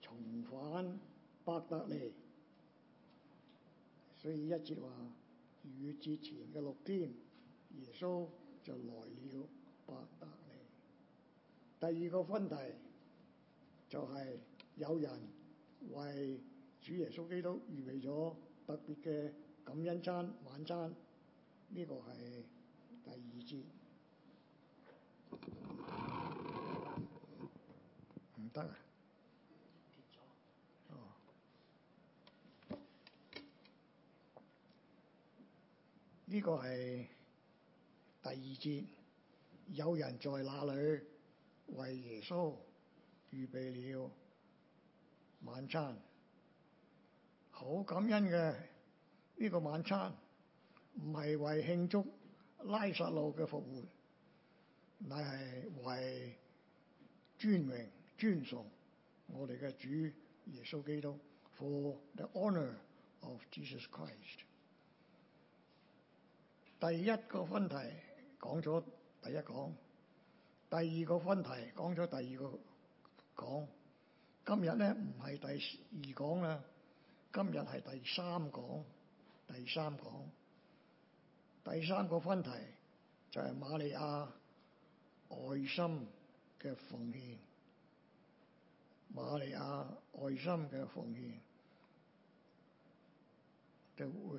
重返伯特利，所以一節話逾越節前嘅六天，耶穌就來了伯特利。第二個分題就係有人為主耶穌基督預備咗特別嘅感恩餐晚餐，呢個係第二節唔得啊。 呢個係第二節，有人在那裏為耶穌預備了晚餐，好感恩嘅呢、這個晚餐，唔係為慶祝拉撒路嘅復活，乃係為尊榮尊崇我哋嘅主耶穌基督。For the honor of Jesus Christ. 第一個分題講咗第一講，第二個分題講咗第二個講，今日呢唔係第二講啦，今日係第三講，第三講，第三個分題就係瑪利亞愛心嘅奉獻，瑪利亞愛心嘅奉獻，就會。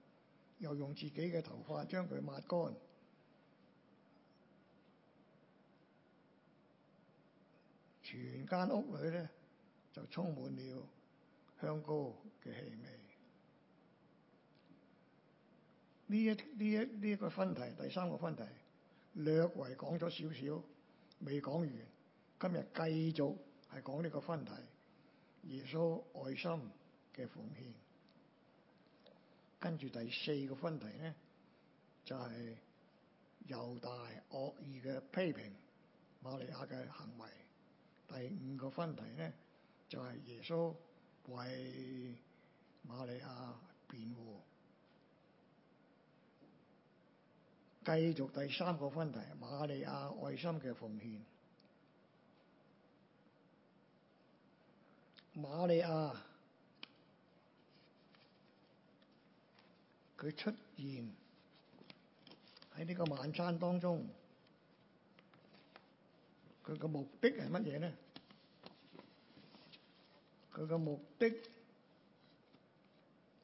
又用自己嘅頭髮將佢抹乾，全間屋裏咧就充滿了香膏嘅氣味。呢一呢一呢一個分題，第三個分題，略為講咗少少，未講完，今日繼續係講呢個分題，耶穌愛心嘅奉獻。跟住第四個分題呢，就係、是、猶大惡意嘅批評瑪利亞嘅行為。第五個分題呢，就係、是、耶穌為瑪利亞辯護。繼續第三個分題，瑪利亞愛心嘅奉獻。瑪利亞。佢出現喺呢個晚餐當中，佢個目的係乜嘢咧？佢個目的，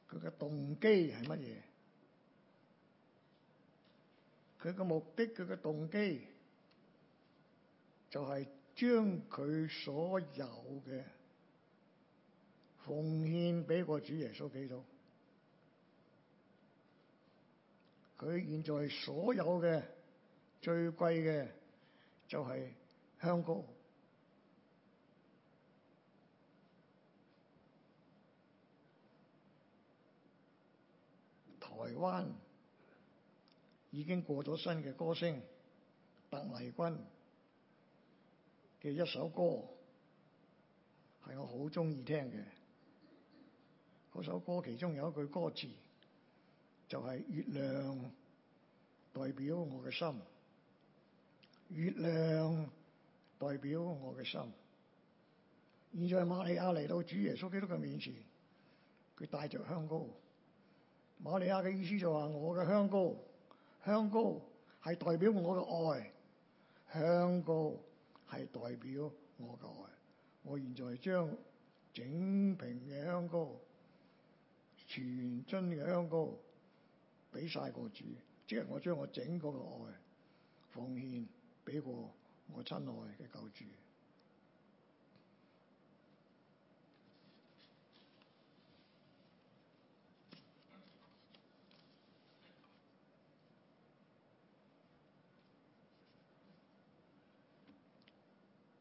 佢個動機係乜嘢？佢個目的，佢個動機就係將佢所有嘅奉獻畀個主耶穌基督。佢現在所有嘅最貴嘅就係、是、香膏，台灣已經過咗新嘅歌星鄧麗君嘅一首歌，係我好中意聽嘅。嗰首歌其中有一句歌詞。就係月亮代表我嘅心，月亮代表我嘅心。現在瑪利亞嚟到主耶穌基督嘅面前，佢帶着香膏。瑪利亞嘅意思就話：我嘅香膏，香膏係代表我嘅愛，香膏係代表我嘅愛。我現在將整瓶嘅香膏，全樽嘅香膏。俾曬個主，即係我將我整個嘅愛奉獻俾個我親愛嘅救主。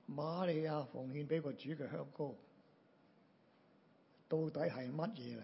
瑪利亞奉獻俾個主嘅香膏，到底係乜嘢呢？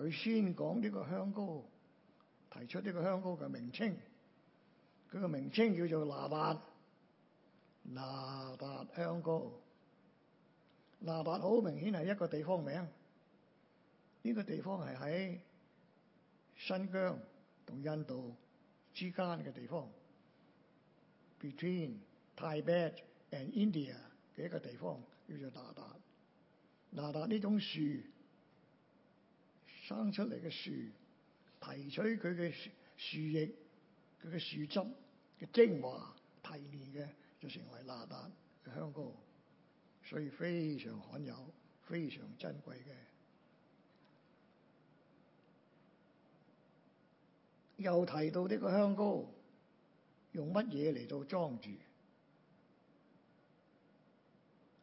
佢先講呢個香膏，提出呢個香膏嘅名稱。佢個名稱叫做哪噠，哪噠香膏。哪噠好明顯係一個地方名。呢個地方係喺新疆同印度之間嘅地方，Between Tibet and India 嘅一個地方，叫做哪噠。哪噠呢種樹，生出嚟嘅樹，提取佢嘅樹，樹液，佢嘅樹汁嘅精華，提煉嘅就成為哪噠嘅香膏，所以非常罕有，非常珍貴嘅。又提到呢個香膏，用乜嘢嚟到裝住？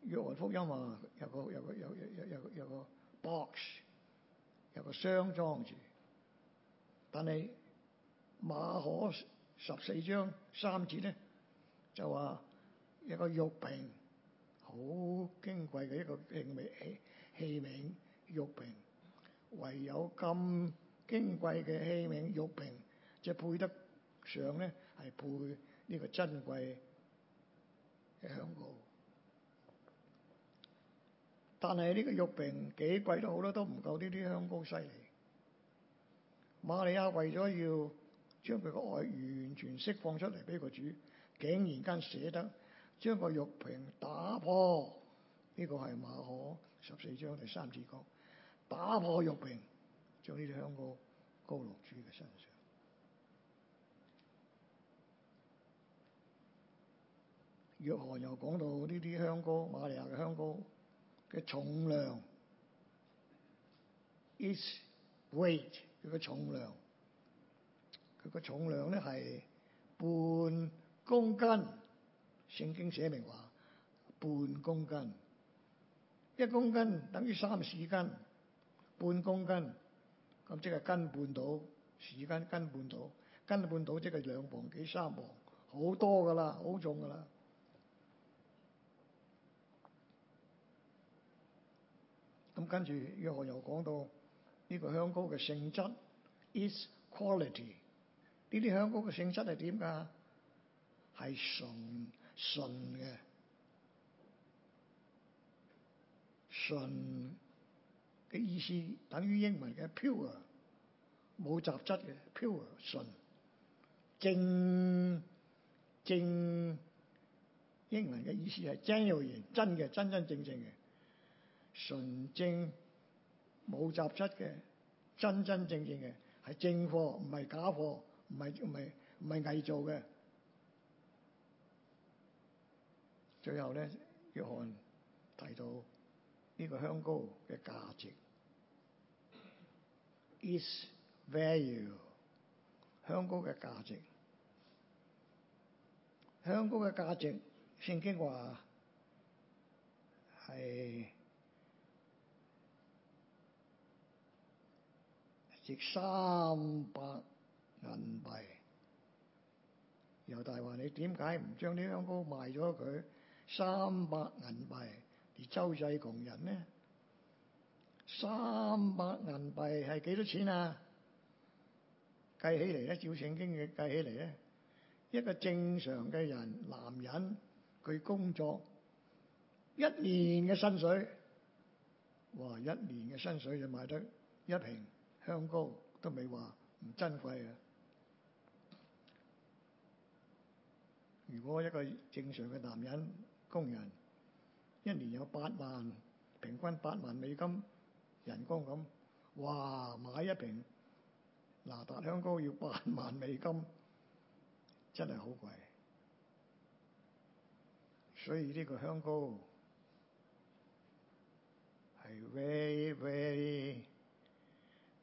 約翰福音話：有個有個有個有有有有個 box。有個箱裝住，但係馬可十四章三節咧，就話一個玉瓶，好矜貴嘅一個器器器皿玉瓶，唯有咁矜貴嘅器皿玉瓶，即係配得上咧，係配呢個珍貴嘅香膏。但係呢個玉瓶幾貴都好啦，都唔夠呢啲香膏犀利。瑪利亞為咗要將佢個愛完全釋放出嚟俾個主，竟然間捨得將個玉瓶打破。呢個係馬可十四章第三至九，打破玉瓶，將呢啲香膏膏落主嘅身上。約翰又講到呢啲香膏，瑪利亞嘅香膏。嘅重量，its weight，佢嘅重量，佢嘅重量咧係半公斤。聖經寫明話半公斤，一公斤等於三市斤，半公斤咁即係斤半到市斤，斤半到，斤半到，即係兩磅幾三磅，好多噶啦，好重噶啦。咁跟住，約翰又講到呢個香膏嘅性質 its quality。呢啲香膏嘅性質係點㗎？係純純嘅，純嘅意思，等於英文嘅 pure，冇雜質嘅 pure 純正正英文嘅意思係 genuine 真嘅，真真正正嘅。純正冇雜質嘅，真真正正嘅，係正貨，唔係假貨，唔係唔係唔係偽造嘅。最後咧，約翰提到呢個香膏嘅價值，its value 香膏嘅價值，香膏嘅價值，聖經話係。值三百銀幣。猶大話，你點解唔將啲香膏賣咗佢三百銀幣而周濟窮人呢？三百銀幣係幾多錢啊？計起嚟咧，照聖經嘅計起嚟咧，一個正常嘅人，男人佢工作一年嘅薪水，哇！一年嘅薪水就買得一瓶。香膏都未話唔珍貴啊！如果一個正常嘅男人工人，一年有八萬，平均八萬美金人工咁，哇！買一瓶拿達香膏要八萬美金，真係好貴。所以呢個香膏係 very very。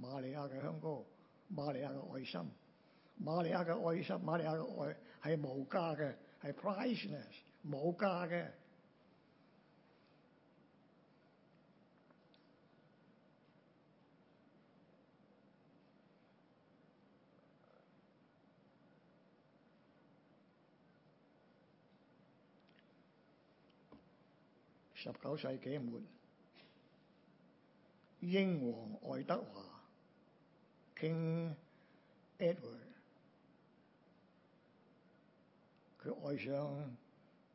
瑪利亞嘅香膏，瑪利亞嘅愛心，瑪利亞嘅愛心，瑪利亞嘅愛，係無價嘅，係 priceless 無價嘅。十九世紀末，英王愛德華。King Edward 佢愛上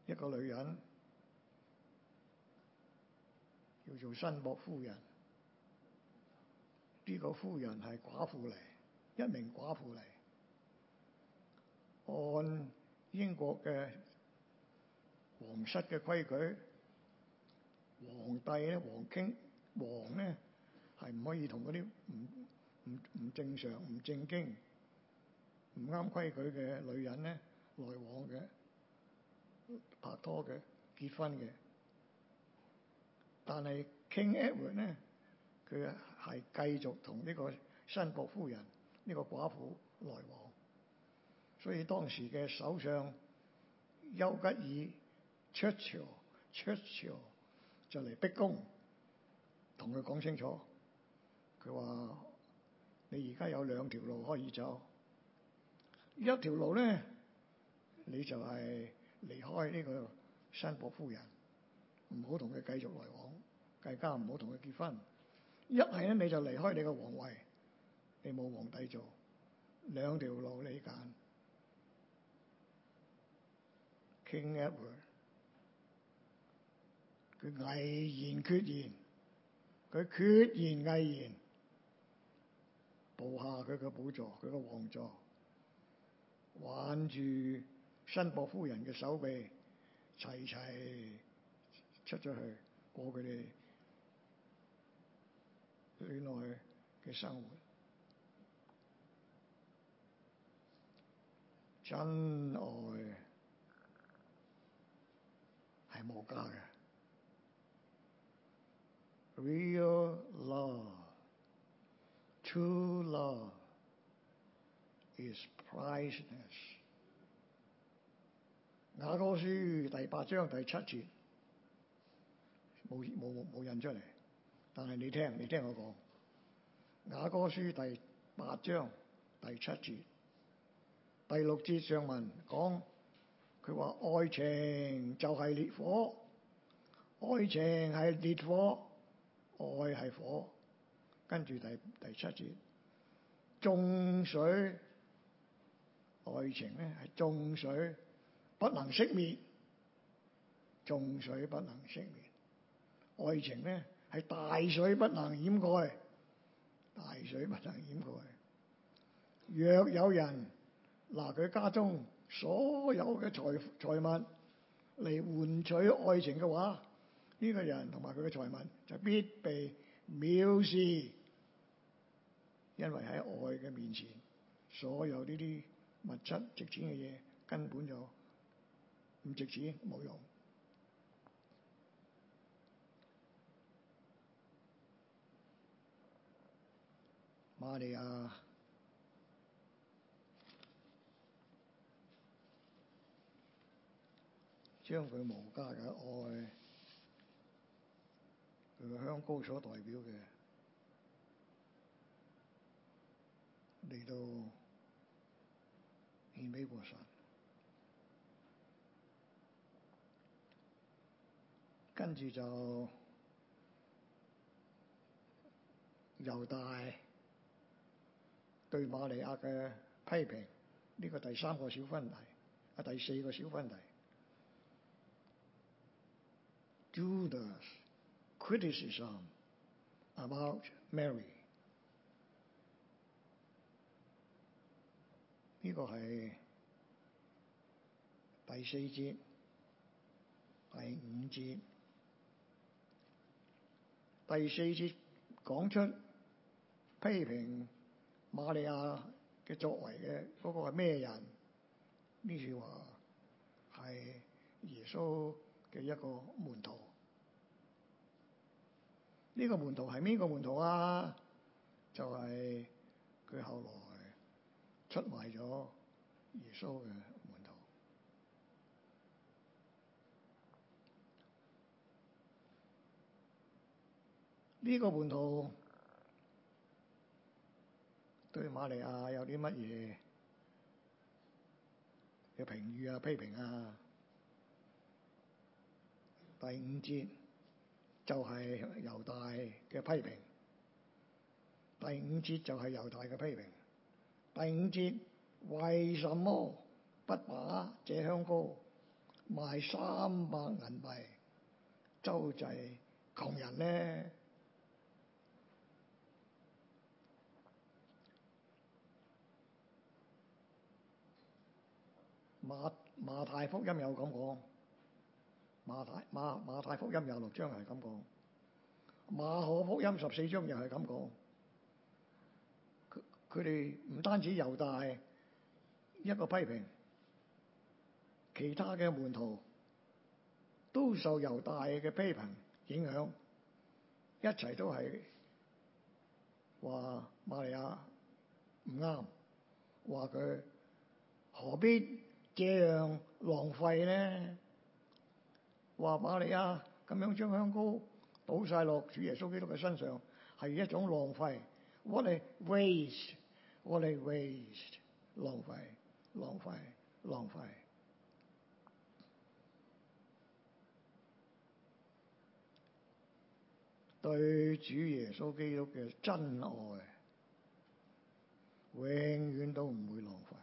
一個女人叫做新伯夫人。呢、這個夫人係寡婦嚟，一名寡婦嚟。按英國嘅皇室嘅規矩，皇帝咧、王傾王咧係唔可以同嗰啲唔。唔唔正常、唔正經、唔啱規矩嘅女人咧，來往嘅、拍拖嘅、結婚嘅，但係 King Edward 咧，佢係繼續同呢個新國夫人呢個寡婦來往，所以當時嘅首相丘吉爾 Churchill，Churchill Churchill，就嚟逼宮，同佢講清楚，佢話。你而家有兩條路可以走，一條路咧，你就係離開呢個辛伯夫人，唔好同佢繼續來往，更加唔好同佢結婚。一係咧，你就離開你個皇位，你冇皇帝做。兩條路你揀。King e d w r 佢危言決言，佢決言危言。留下佢嘅寶座，佢嘅王座，挽住辛博夫人嘅手臂，齊齊出咗去過佢哋戀愛嘅生活。真愛係無價嘅，Real Love。True love is priceless。雅歌書第八章第七節，冇冇冇印出嚟，但係你聽，你聽我講。雅歌書第八章第七節，第六節上文講，佢話愛情就係烈火，愛情係烈火，愛係火。跟住第第七節，眾水愛情咧係眾水不能熄滅，眾水不能熄滅，愛情咧係大水不能掩蓋，大水不能掩蓋。若有人拿佢家中所有嘅財財物嚟換取愛情嘅話，呢個人同埋佢嘅財物就必被藐視，因為喺愛嘅面前，所有呢啲物質值錢嘅嘢根本就唔值錢，冇用。瑪利亞，將佢無價嘅愛。香膏所代表嘅嚟到獻美禱神，跟住就猶大對瑪利亞嘅批評，呢、這個第三個小分題，啊，第四個小分題，Judas。Criticism about Mary，呢個係第四節，第五節，第四節講出批評瑪利亞嘅作為嘅個個係咩人？呢句話係耶穌嘅一個門徒。呢個門徒係邊個門徒啊？就係佢後來出賣咗耶穌嘅門徒。呢個門徒對瑪利亞有啲乜嘢嘅評語啊、批評啊？第五節。就係猶大嘅批評。第五節就係猶大嘅批評。第五節，為什麼不把這香膏賣三百銀幣，周濟窮人呢？馬馬太福音有咁講。馬太馬馬太福音廿六章係咁講，馬可福音十四章又係咁講，佢哋唔單止猶大一個批評，其他嘅門徒都受猶大嘅批評影響，一齊都係話瑪利亞唔啱，話佢何必這樣浪費呢？話瑪利亞咁樣將香膏倒晒落主耶穌基督嘅身上，係一種浪費，what a waste，what a waste，浪費，浪費，浪費，對主耶穌基督嘅真愛永遠都唔會浪費。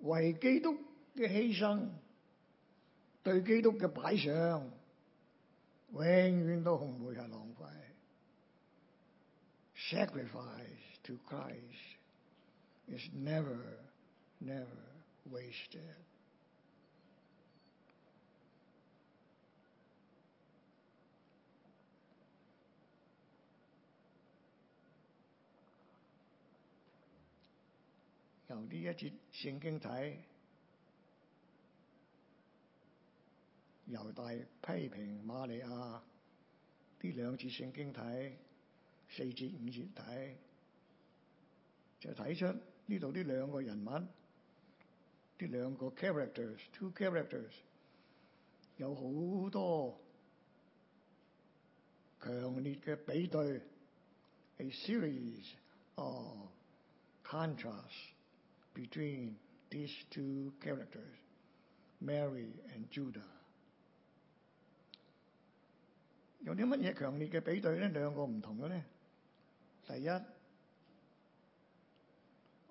為基督嘅犧牲，對基督嘅擺上，永遠都唔會係浪費。Sacrifice to Christ is never, never wasted. 由呢一節聖經睇，猶大批評瑪利亞；呢兩節聖經睇，四節五節睇，就睇出呢度呢兩個人物，呢兩個 characters，two characters，有好多強烈嘅比對，a series of contrast。Between these two characters, Mary and Judah。有啲乜嘢強烈嘅比對咧？兩個唔同嘅咧。第一，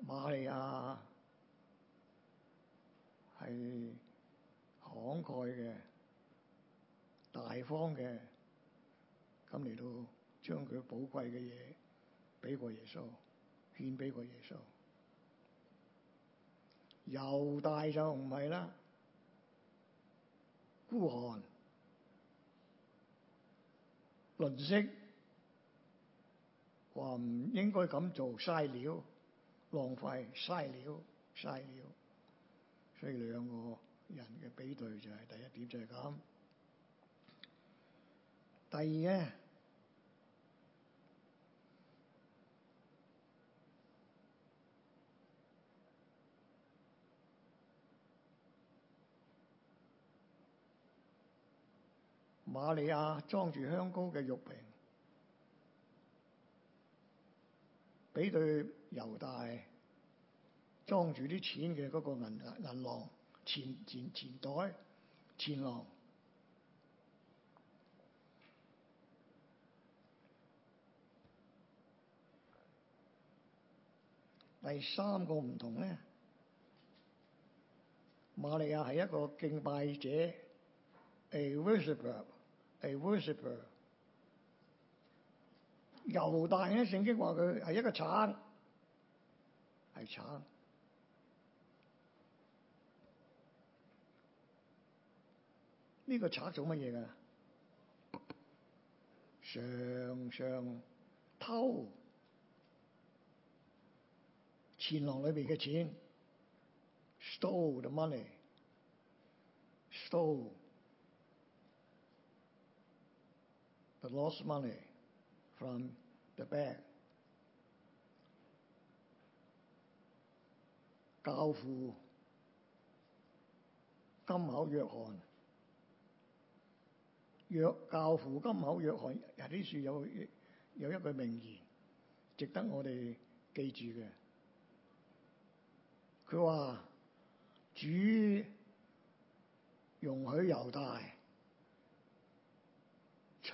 瑪利亞係慷慨嘅、大方嘅，咁嚟到將佢寶貴嘅嘢俾過耶穌，獻俾過耶穌。猶大就唔係啦，孤寒吝嗇，話唔應該咁做嘥料，浪費，嘥料嘥料，所以兩個人嘅比對就係第一點，就係咁。第二呢。瑪利亞裝住香膏嘅玉瓶，俾對猶大裝住啲錢嘅嗰個銀銀囊，錢錢錢袋，錢囊。第三個唔同咧，瑪利亞係一個敬拜者，a worshiper。A 係 worshiper，猶大咧，聖經話佢係一個賊，係賊。呢、這個賊做乜嘢㗎？常常偷錢囊裏邊嘅錢，stole the money，stole。lost money from the bank 教。教父金口約翰，約教父金口約翰有啲書，有有一句名言，值得我哋記住嘅。佢話：「主容許猶大。」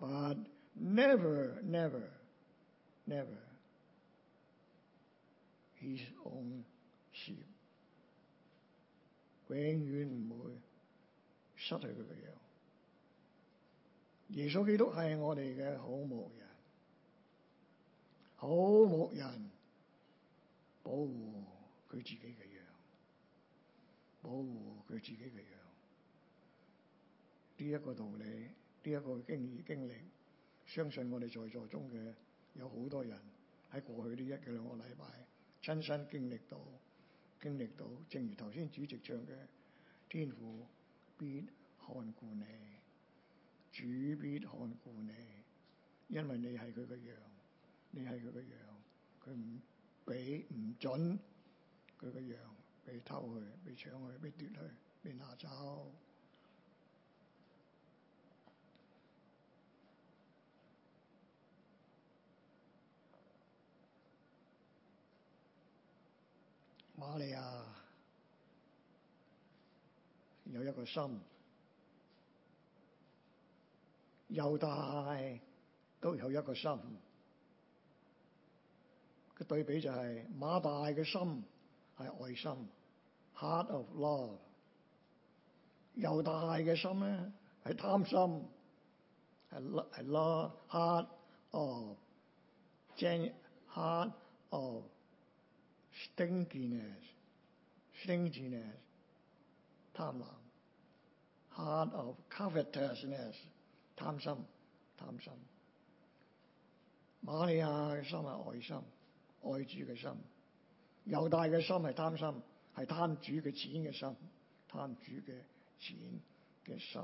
But never，never，never，his own sheep 永遠唔會失去佢嘅羊。耶穌基督係我哋嘅好牧人，好牧人保護佢自己嘅羊，保護佢自己嘅羊。呢、這、一個道理。呢一個經已經歷，相信我哋在座中嘅有好多人喺過去呢一嘅兩個禮拜，親身經歷到，經歷到。正如頭先主席唱嘅《天父必看顧你》，主必看顧你，因為你係佢嘅羊，你係佢嘅羊，佢唔俾唔準，佢嘅羊被偷去、被搶去、被奪去、被奪去、被拿走。馬利亞有一個心，猶大都有一個心。個對比就係馬大嘅心係愛心，Heart of love。猶大嘅心咧係貪心，係係 love heart of，jean heart of。Stinginess, stinginess，貪婪；heart of covetousness，貪心，貪心。瑪利亞嘅心係愛心，愛主嘅心；猶大嘅心係貪心，係貪主嘅錢嘅心，貪主嘅錢嘅心。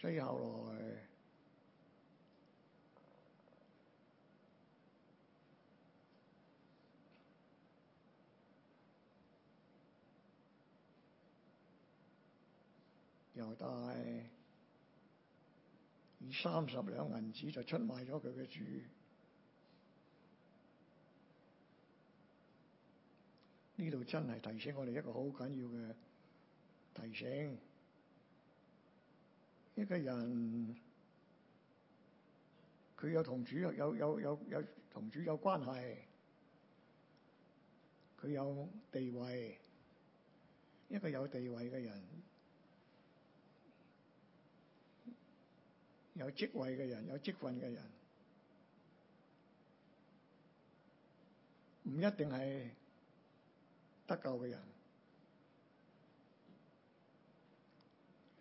所以後來。又帶以三十兩銀子就出賣咗佢嘅主。呢度真係提醒我哋一個好緊要嘅提醒。一個人，佢有同主有有有有同主有關係，佢有地位。一個有地位嘅人。有職位嘅人，有職份嘅人，唔一定係得救嘅人。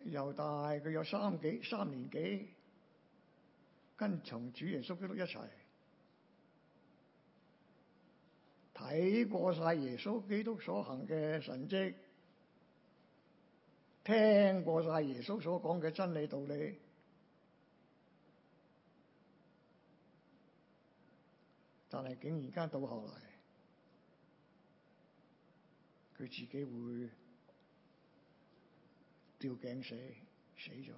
又大約有三幾三年幾，跟從主耶穌基督一齊睇過晒耶穌基督所行嘅神蹟，聽過晒耶穌所講嘅真理道理。但係竟然間到後來，佢自己會吊頸死，死咗。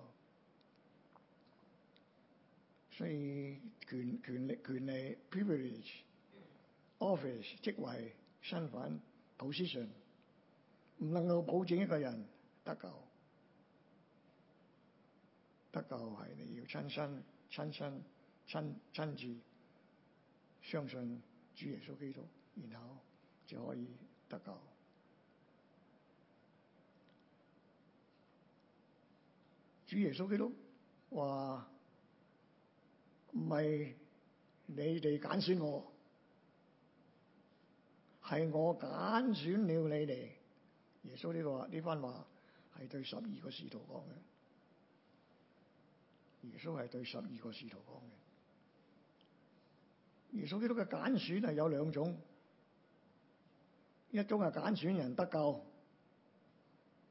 所以權權力權利、privilege、office、職位、身份、position，唔能夠保證一個人得救。得救係你要親身、親身、親親自。相信主耶穌基督，然後就可以得救。主耶穌基督話：唔係你哋揀選我，係我揀選了你哋。耶穌呢番話係對十二個使徒講嘅。耶穌係對十二個使徒講嘅。耶穌基督嘅揀選係有兩種，一種係揀選人得救，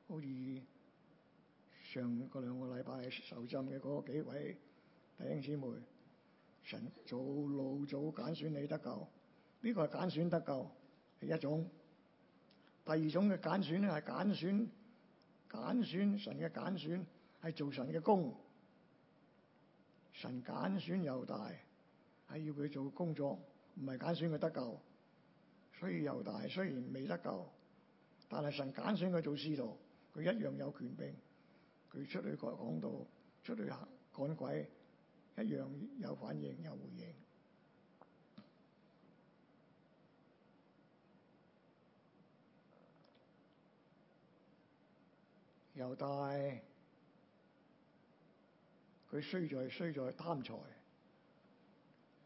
好似上嗰兩個禮拜受浸嘅嗰幾位弟兄姊妹，神做老早揀選你得救，呢、這個係揀選得救係一種。第二種嘅揀選咧係揀選揀選神嘅揀選係做神嘅工，神揀選又大。係要佢做工作，唔係揀選佢得救。所以猶大，雖然未得救，但係神揀選佢做使徒，佢一樣有權柄，佢出去講道、出去行趕鬼，一樣有反應、有回應。猶大，佢衰在，衰在，衰在貪財。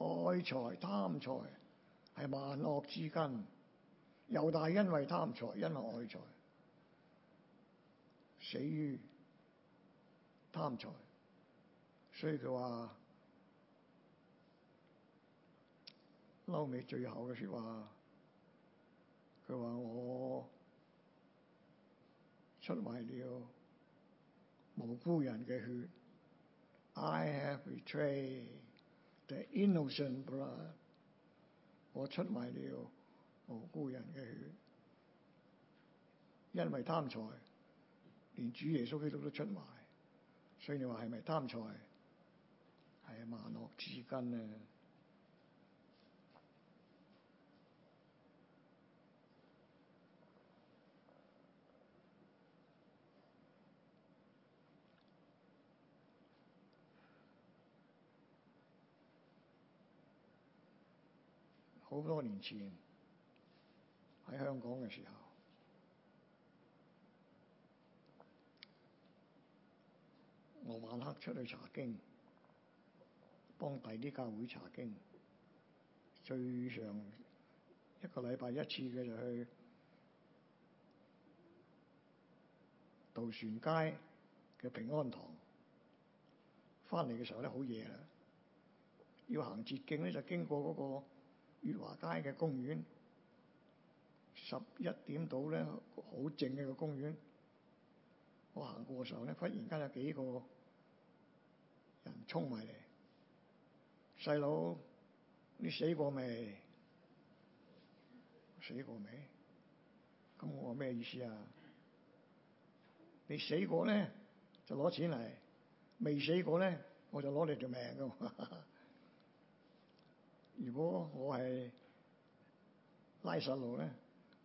愛財貪財係萬惡之根，又大因為貪財，因為愛財，死於貪財。所以佢話嬲尾最後嘅說話，佢話我出賣了無辜人嘅血，I have betrayed。就 innocent 啦，blood, 我出賣了無辜人嘅血，因為貪財，連主耶穌基督都出賣，所以你話係咪貪財？係萬惡之根啊！好多年前喺香港嘅時候，我晚黑出去查經，幫第啲教會查經，最常一個禮拜一次嘅就去渡船街嘅平安堂。翻嚟嘅時候咧好夜啦，要行捷徑咧就經過嗰個月華街嘅公園，十一點到咧，好靜嘅個公園。我行過嘅時候咧，忽然間有幾個人衝埋嚟。細佬，你死過未？死過未？咁我話咩意思啊？你死過咧就攞錢嚟，未死過咧我就攞你條命㗎。 如果我係拉薩路呢，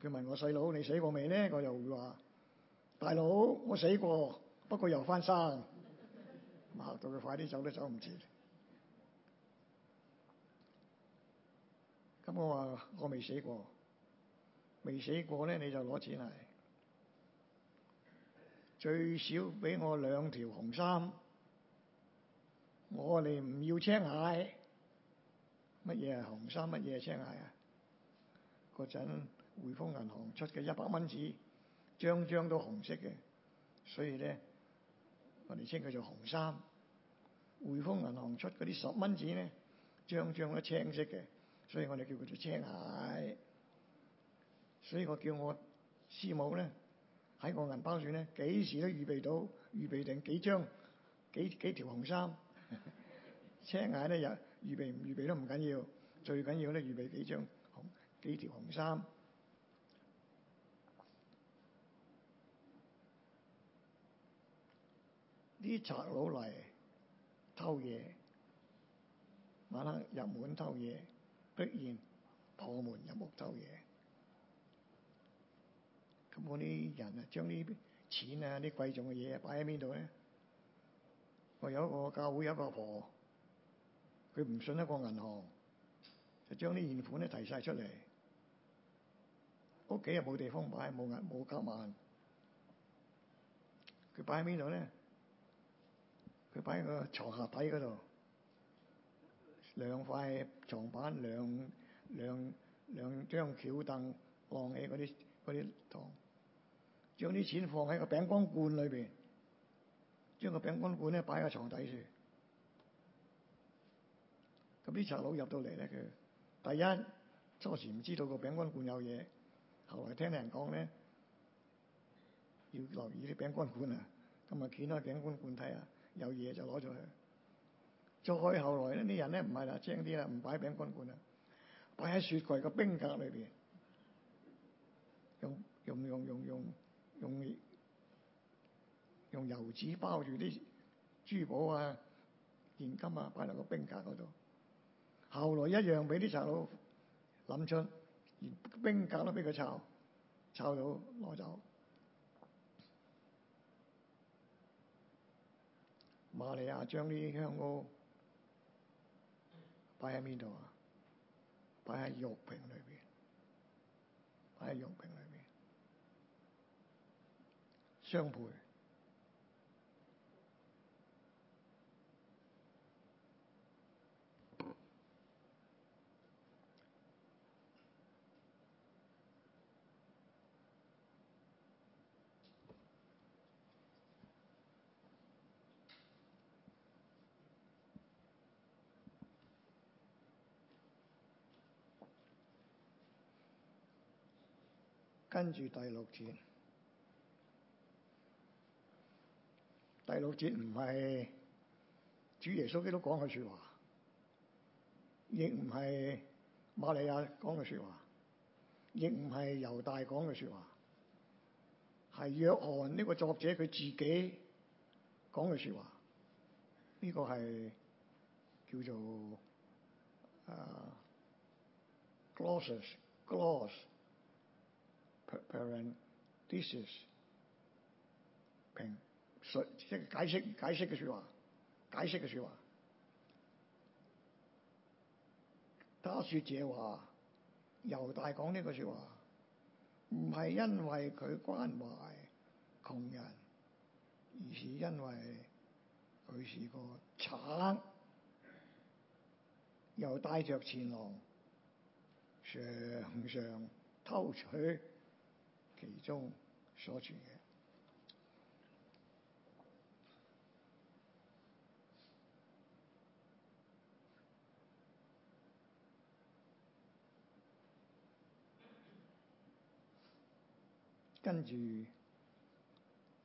佢問我細佬「你死過未呢？」我就會話：大佬我死過，不過又翻生，咁嚇到佢快啲走都走唔切。咁我話我未死過，未死過咧你就攞錢嚟，最少俾我兩條紅衫，我哋唔要青蟹。乜嘢係紅衫？乜嘢係青蟹啊？嗰陣匯豐銀行出嘅一百蚊紙，張張都紅色嘅，所以咧，我哋稱佢做紅衫。匯豐銀行出嗰啲十蚊紙咧，張張都青色嘅，所以我哋叫佢做青蟹。所以我叫我師母咧，喺個銀包裏咧，幾時都預備到、預備定幾張、幾幾條紅衫、 青蟹咧又。有預備唔預備都唔緊要，最緊要咧預備幾張紅幾條紅衫。啲賊佬嚟偷嘢，晚黑入門偷嘢，不然破門入屋偷嘢。咁我啲人啊，將啲錢啊、啲貴重嘅嘢擺喺邊度咧？我有一個教會有一個婆。佢唔信得過銀行，就將啲現款咧提晒出嚟。屋企又冇地方擺，冇銀冇夾萬。佢擺喺邊度咧？佢擺喺個床下底嗰度，兩塊床板，兩兩兩張翹凳，晾起嗰啲嗰啲糖，將啲錢放喺個餅乾罐裏邊，將個餅乾罐咧擺喺床底住。咁啲賊佬入到嚟咧，佢第一初時唔知道個餅乾罐有嘢，後來聽人講咧，要留意啲餅乾罐啊，咁埋掀開餅乾罐睇下，有嘢就攞咗去。再後來呢啲人咧唔係啦，精啲啦，唔擺餅乾罐啦，擺喺雪櫃個冰格裏邊，用用用用用用用，用，用油紙包住啲珠寶啊、現金啊，擺落個冰格嗰度。後來一樣俾啲賊佬諗出，而冰格都俾佢抄，抄到攞走。瑪利亞將啲香膏擺喺邊度啊？擺喺玉瓶裏面，擺喺玉瓶裏面，雙倍。跟住第六節，第六節唔係主耶穌基督講嘅説話，亦唔係瑪利亞講嘅説話，亦唔係猶大講嘅説話，係約翰呢個作者佢自己講嘅説話，呢、呢個係叫做啊 uh, Glossus Gloss parenthesis 解釋解釋嘅説話，解釋嘅説話。他説這話，猶大講呢個説話，唔係因為佢關懷窮人，而是因為佢是個賊，又帶著錢囊，常常偷取。其中所住嘅，跟住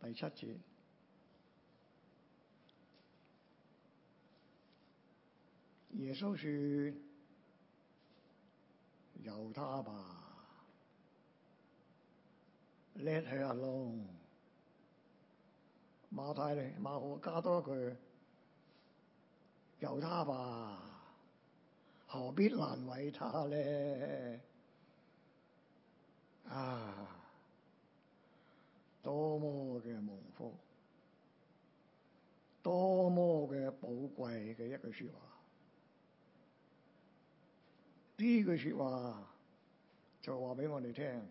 第七節，耶穌說：「由他吧。叻去啊，龍馬太咧，馬可加多一句，由他吧，何必難為他呢？啊多麼嘅蒙福，多麼嘅寶貴嘅一句說話，呢句說話就話俾我哋聽。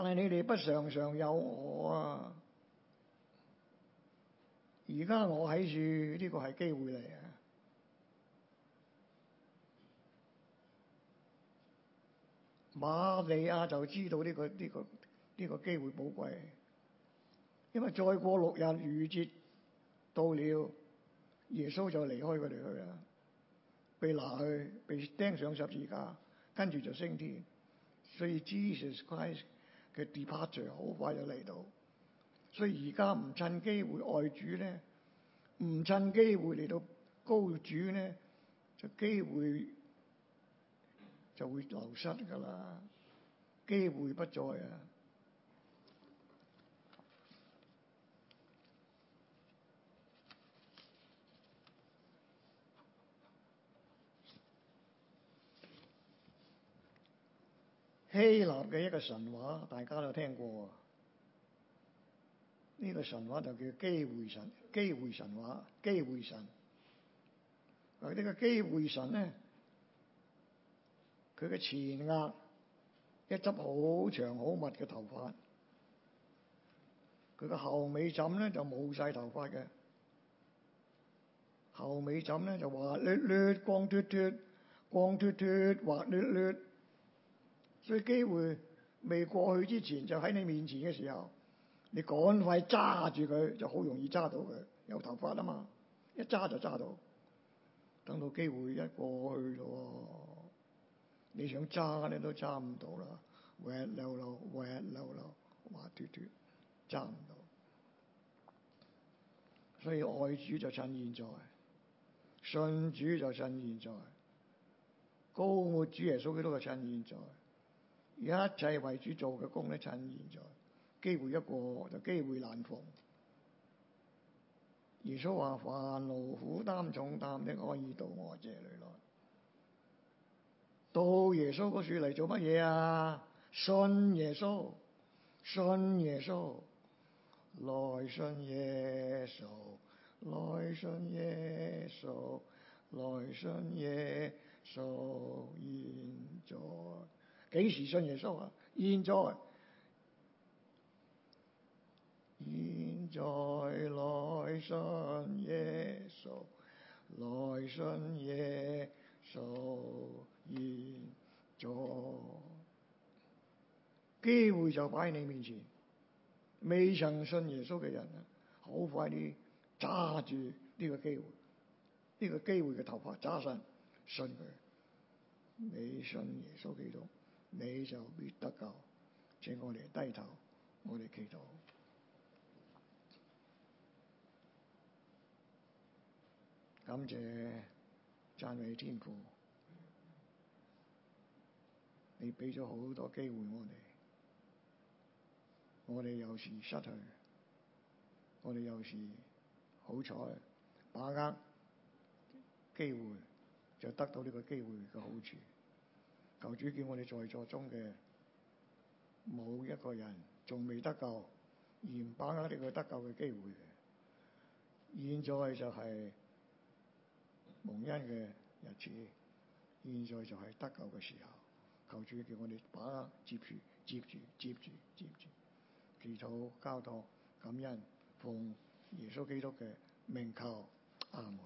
但係你哋不常常有我啊！而家我喺處呢個係機會嚟啊！瑪利亞就知道呢、呢個呢、呢個呢、呢個機會寶貴，因為再過六日逾節到了，耶穌就離開佢哋去啦，被拿去被釘上十字架，跟住就升天。所以 Jesus Christ。嘅 departure 好快就嚟到，所以而家唔趁機會愛主咧，唔趁機會嚟到膏主咧，就機會就會流失㗎啦，機會不再啊！希臘嘅一個神話，大家都聽過啊！呢個神話就叫機會神，機會神話，機會神。呢個機會神咧，佢嘅前額一執好長好密嘅頭髮，佢嘅後尾枕咧就冇晒頭髮嘅，後尾枕咧就滑捋捋、光脫脫、光脫脫、滑捋捋。所以機會未過去之前，就喺你面前嘅時候，你趕快揸住佢就好容易揸到佢，有頭髮啊嘛，一揸就揸到。等到機會一過去咗，你想揸你都揸唔到啦，滑溜溜，滑溜溜，滑脫脫，揸唔到。所以愛主就趁現在，信主就趁現在，高舉主耶穌基督就趁現在。一切為主做嘅功，咧，趁現在機會一過就機會難逢。耶穌話：凡勞苦擔重擔的，可以到我這裏來。到耶穌嗰處嚟做乜嘢啊？信耶穌，信耶穌，來信耶穌，來信耶穌，來信耶穌，耶穌耶穌現在。幾時信耶穌啊？現在，現在來信耶穌，來信耶穌，現在機會就擺喺你面前。未曾信耶穌嘅人好快啲揸住呢個機會，呢、呢個機會嘅頭髮揸上，信佢，未信耶穌基督。你就必得救，請我哋低頭，我哋祈禱。感謝讚美天父，你畀咗好多機會我哋，我哋有時失去，我哋有時好彩，把握機會就得到呢個機會嘅好處。求主叫我哋在座中嘅，冇一個人仲未得救，而唔把握呢個得救嘅機會的。現在就係蒙恩嘅日子，現在就係得救嘅時候。求主叫我哋把握接，接住，接住，接住，接住，祈禱、交託、感恩，奉耶穌基督嘅名靠，求阿門。